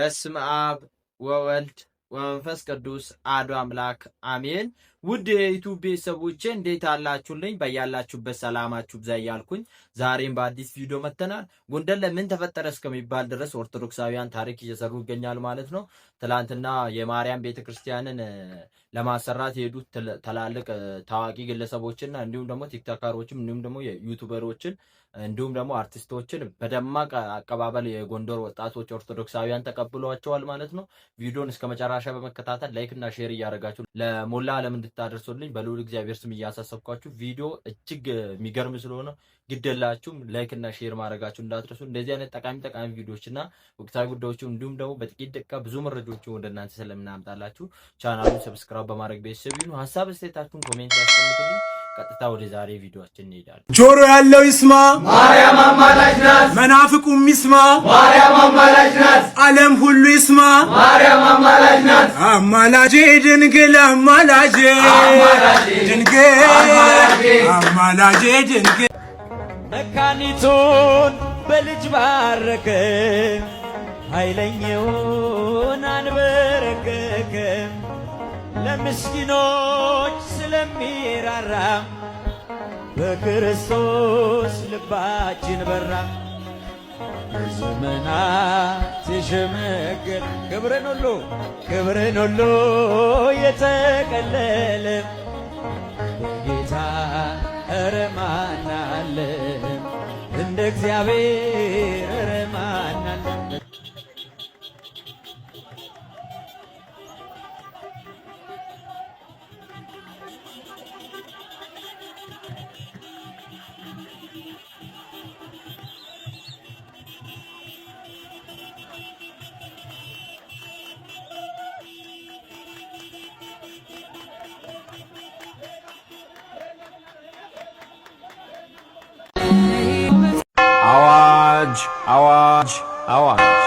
በስም አብ ወወልድ ወመንፈስ ቅዱስ አዱ አምላክ አሜን። ውድ የዩቱብ ቤተሰቦቼ እንዴት አላችሁልኝ? በያላችሁበት ሰላማችሁ ብዛ እያልኩኝ ዛሬም በአዲስ ቪዲዮ መጥተናል። ጎንደር ለምን ተፈጠረ እስከሚባል ድረስ ኦርቶዶክሳውያን ታሪክ እየሰሩ ይገኛል ማለት ነው። ትላንትና የማርያም ቤተክርስቲያንን ለማሰራት የሄዱት ትላልቅ ታዋቂ ግለሰቦችና እንዲሁም ደግሞ ቲክቶከሮችም እንዲሁም ደግሞ የዩቱበሮችን እንዲሁም ደግሞ አርቲስቶችን በደማቅ አቀባበል የጎንደር ወጣቶች ኦርቶዶክሳውያን ተቀብሏቸዋል ማለት ነው። ቪዲዮን እስከ መጨረሻ በመከታተል ላይክ እና ሼር እያደረጋችሁ ለሞላ ዓለም እንድታደርሱልኝ በልዑል እግዚአብሔር ስም እያሳሰብኳችሁ፣ ቪዲዮ እጅግ የሚገርም ስለሆነ ግደላችሁም ላይክ እና ሼር ማድረጋችሁ እንዳትረሱ። እንደዚህ አይነት ጠቃሚ ጠቃሚ ቪዲዮዎች እና ወቅታዊ ጉዳዮች እንዲሁም ደግሞ በጥቂት ደቂቃ ብዙ መረጃዎችን ወደ እናንተ ስለምናምጣላችሁ ቻናሉን ሰብስክራይብ በማድረግ ቤተሰብ ይሁኑ። ሀሳብ አስተያየታችሁን ኮሜንት ያስቀምጡልኝ። ቀጥታ ወደ ዛሬ ቪዲዮችን እንሄዳለን። ጆሮ ያለው ይስማ፣ ማርያም አማላጅ ናት። መናፍቁም ይስማ፣ ማርያም አማላጅ ናት። ዓለም ሁሉ ይስማ፣ ማርያም አማላጅ ናት። አማላጄ ድንግል አማላጄ ድንግል አማላጄ ድንግል መካኒቱን በልጅ ባረከ ኃይለኛውን አንበረከከ ለምስኪኖች ስለሚራራ በክርስቶስ ልባችን በራ። ዘመና የሸመገለ ክብርን ሁሉ ክብርን ሁሉ የተቀለለ በጌታ እረ እንደ እግዚአብሔር አዋጅ አዋጅ አዋጅ!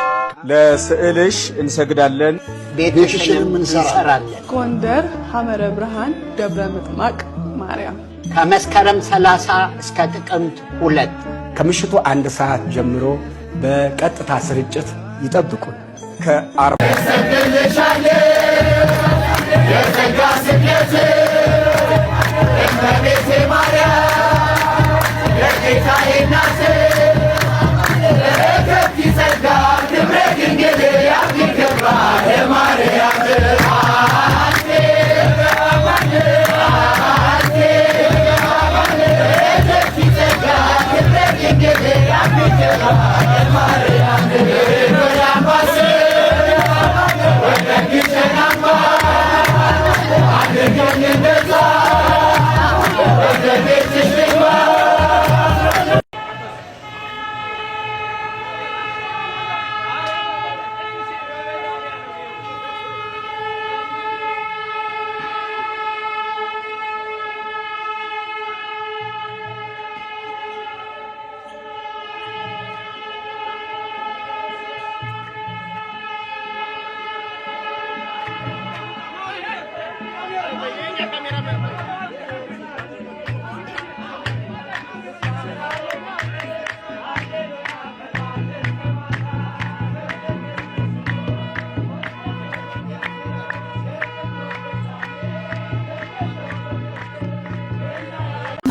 ለስዕልሽ እንሰግዳለን፣ ቤትሽንም እንሰራለን። ጎንደር ሐመረ ብርሃን ደብረ ምጥማቅ ማርያም ከመስከረም 30 እስከ ጥቅምት ሁለት ከምሽቱ አንድ ሰዓት ጀምሮ በቀጥታ ስርጭት ይጠብቁን። ከአርባ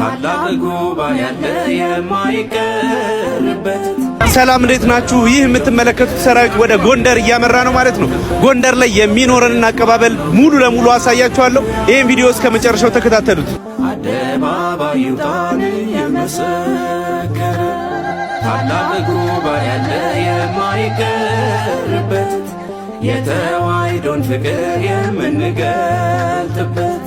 ታላቅ ጉባኤ ያለ የማይቀርበት። ሰላም እንዴት ናችሁ? ይህ የምትመለከቱት ሰራዊት ወደ ጎንደር እያመራ ነው ማለት ነው። ጎንደር ላይ የሚኖረንን አቀባበል ሙሉ ለሙሉ አሳያችኋለሁ። ይህን ቪዲዮ እስከ መጨረሻው ተከታተሉት። የመሰከረ ታላቅ ጉባኤ ያለ የማይቀርበት የተዋሕዶን ፍቅር የምንገልጥበት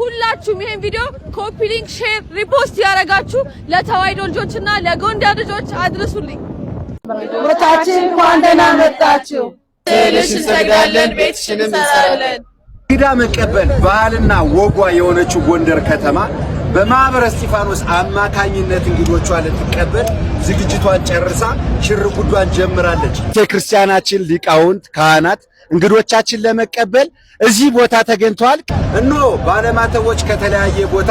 ሁላችሁም ይሄን ቪዲዮ ኮፒ ሊንክ፣ ሼር፣ ሪፖስት ያደረጋችሁ ለተዋሕዶ ልጆችና ለጎንደር ልጆች አድርሱልኝ። ወታችን እንኳን ደህና መጣችሁ። ስዕልሽ እንሰግዳለን፣ ቤትሽን እንሰራለን። እንግዳ መቀበል ባህልና ወጓ የሆነችው ጎንደር ከተማ በማህበረ እስጢፋኖስ አማካኝነት እንግዶቿ ልትቀበል ዝግጅቷን ጨርሳ ሽር ጉዷን ጀምራለች። ቤተክርስቲያናችን ሊቃውንት ካህናት እንግዶቻችን ለመቀበል እዚህ ቦታ ተገኝተዋል። እኖ ባለማተቦች ከተለያየ ቦታ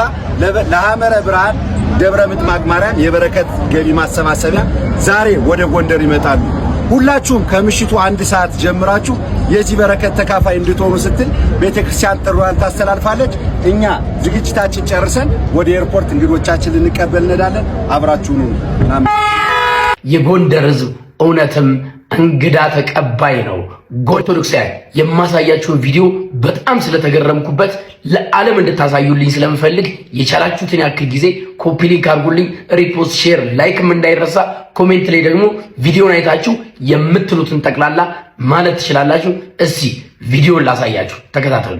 ለሐመረ ብርሃን ደብረ ምጥማቅ ማርያም የበረከት ገቢ ማሰባሰቢያ ዛሬ ወደ ጎንደር ይመጣሉ። ሁላችሁም ከምሽቱ አንድ ሰዓት ጀምራችሁ የዚህ በረከት ተካፋይ እንድትሆኑ ስትል ቤተክርስቲያን ጥሯን ታስተላልፋለች። እኛ ዝግጅታችን ጨርሰን ወደ ኤርፖርት እንግዶቻችን ልንቀበል እንሄዳለን። አብራችሁኑ የጎንደር ህዝብ እውነትም እንግዳ ተቀባይ ነው። ኦርቶዶክሳውያን የማሳያችሁን ቪዲዮ በጣም ስለተገረምኩበት ለዓለም እንድታሳዩልኝ ስለምፈልግ የቻላችሁትን ያክል ጊዜ ኮፒ ሊንክ አድርጉልኝ። ሪፖስት፣ ሼር፣ ላይክም እንዳይረሳ። ኮሜንት ላይ ደግሞ ቪዲዮን አይታችሁ የምትሉትን ጠቅላላ ማለት ትችላላችሁ። እስቲ ቪዲዮን ላሳያችሁ፣ ተከታተሉ።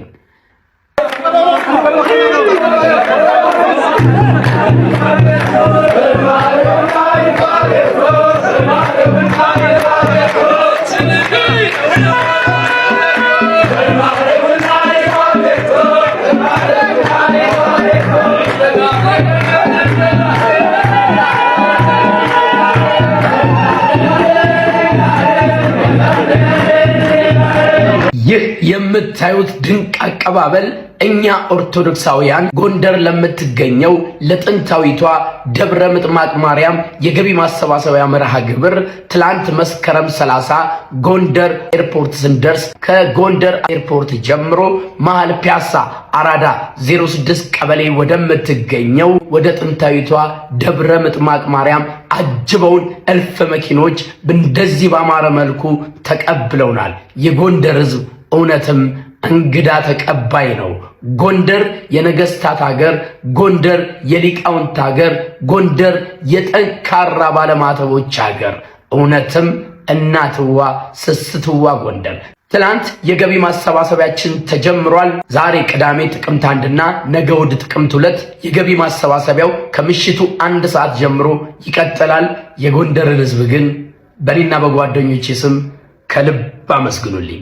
የምታዩት ድንቅ አቀባበል እኛ ኦርቶዶክሳውያን ጎንደር ለምትገኘው ለጥንታዊቷ ደብረ ምጥማቅ ማርያም የገቢ ማሰባሰቢያ መርሃ ግብር ትላንት መስከረም 30 ጎንደር ኤርፖርት ስንደርስ ከጎንደር ኤርፖርት ጀምሮ መሃል ፒያሳ አራዳ 06 ቀበሌ ወደምትገኘው ወደ ጥንታዊቷ ደብረ ምጥማቅ ማርያም አጅበውን እልፍ መኪኖች እንደዚህ ባማረ መልኩ ተቀብለውናል። የጎንደር ህዝብ። እውነትም እንግዳ ተቀባይ ነው። ጎንደር የነገስታት ሀገር፣ ጎንደር የሊቃውንት ሀገር፣ ጎንደር የጠንካራ ባለማተቦች ሀገር፣ እውነትም እናትዋ ስስትዋ ጎንደር። ትላንት የገቢ ማሰባሰቢያችን ተጀምሯል። ዛሬ ቅዳሜ ጥቅምት አንድና ነገ ውድ ጥቅምት ሁለት የገቢ ማሰባሰቢያው ከምሽቱ አንድ ሰዓት ጀምሮ ይቀጥላል። የጎንደርን ህዝብ ግን በእኔና በጓደኞቼ ስም ከልብ አመስግኑልኝ።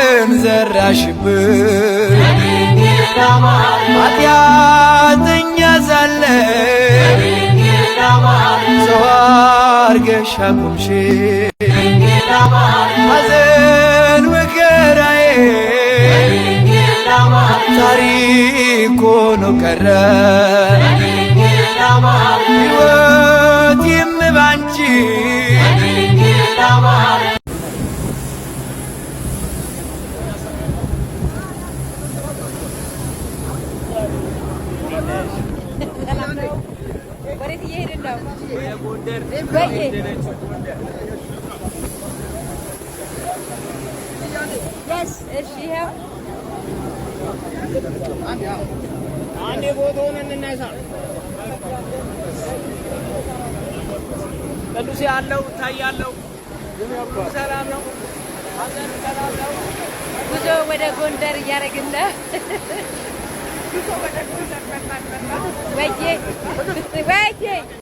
ሽብር ኃጢአተኛ ሳለ ሰው አድርገሽ አቁምሽ ሐዘን መከራዬ ታሪክ ሆኖ ቀረ ሕይወቴም ባንቺ ወዴት እየሄድን ነው? አንድ ይኸው አንዴ ቦታውን እንነሳ። ቅዱስ ያለው እታያለው። ሰላም ነው። ጉዞ ወደ ጎንደር እያደረግን ነው። Ведіть! Ведіть!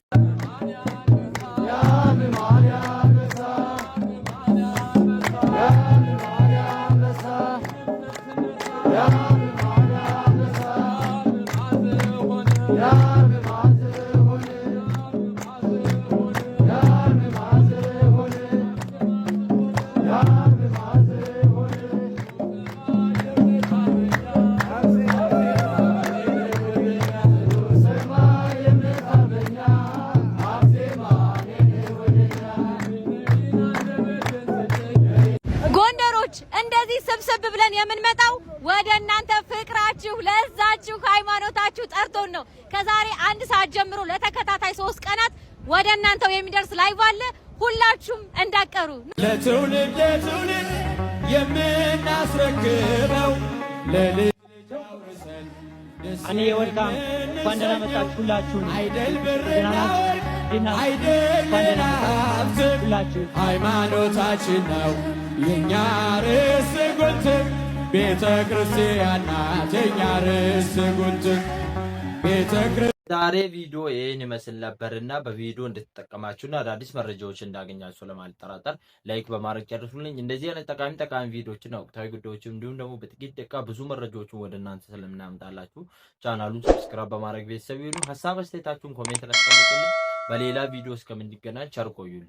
ይዘን የምንመጣው ወደ እናንተ ፍቅራችሁ ለዛችሁ ሃይማኖታችሁ ጠርቶን ነው። ከዛሬ አንድ ሰዓት ጀምሮ ለተከታታይ ሶስት ቀናት ወደ እናንተው የሚደርስ ላይቭ አለ። ሁላችሁም እንዳቀሩ ለትውልድ ትውልድ የምናስረክበው እኔ እንኳን ደህና መጣችሁ ሁላችሁ አይደል አይደል ሁላችሁ ሃይማኖታችን ነው። የእኛ ርዕስ ጉልት ቤተ ክርስቲያን ናት። የእኛ ርዕስ ጉልት ቤተ ዛሬ ቪዲዮ ይህን ይመስል ነበርና በቪዲዮ እንድትጠቀማችሁና አዳዲስ መረጃዎች እንዳገኛችሁ ለማልጠራጠር ላይክ በማድረግ ጨርሱልኝ። እንደዚህ አይነት ጠቃሚ ጠቃሚ ቪዲዮዎችና ወቅታዊ ጉዳዮችን እንዲሁም ደግሞ በጥቂት ደቂቃ ብዙ መረጃዎችን ወደ እናንተ ስለምናምጣላችሁ ቻናሉን ሰብስክራይብ በማድረግ ቤተሰብ ይሁኑ። ሀሳብ አስተያየታችሁን ኮሜንት ላስቀምጡልኝ። በሌላ ቪዲዮ እስከምንገናኝ ቸር ቆዩልኝ።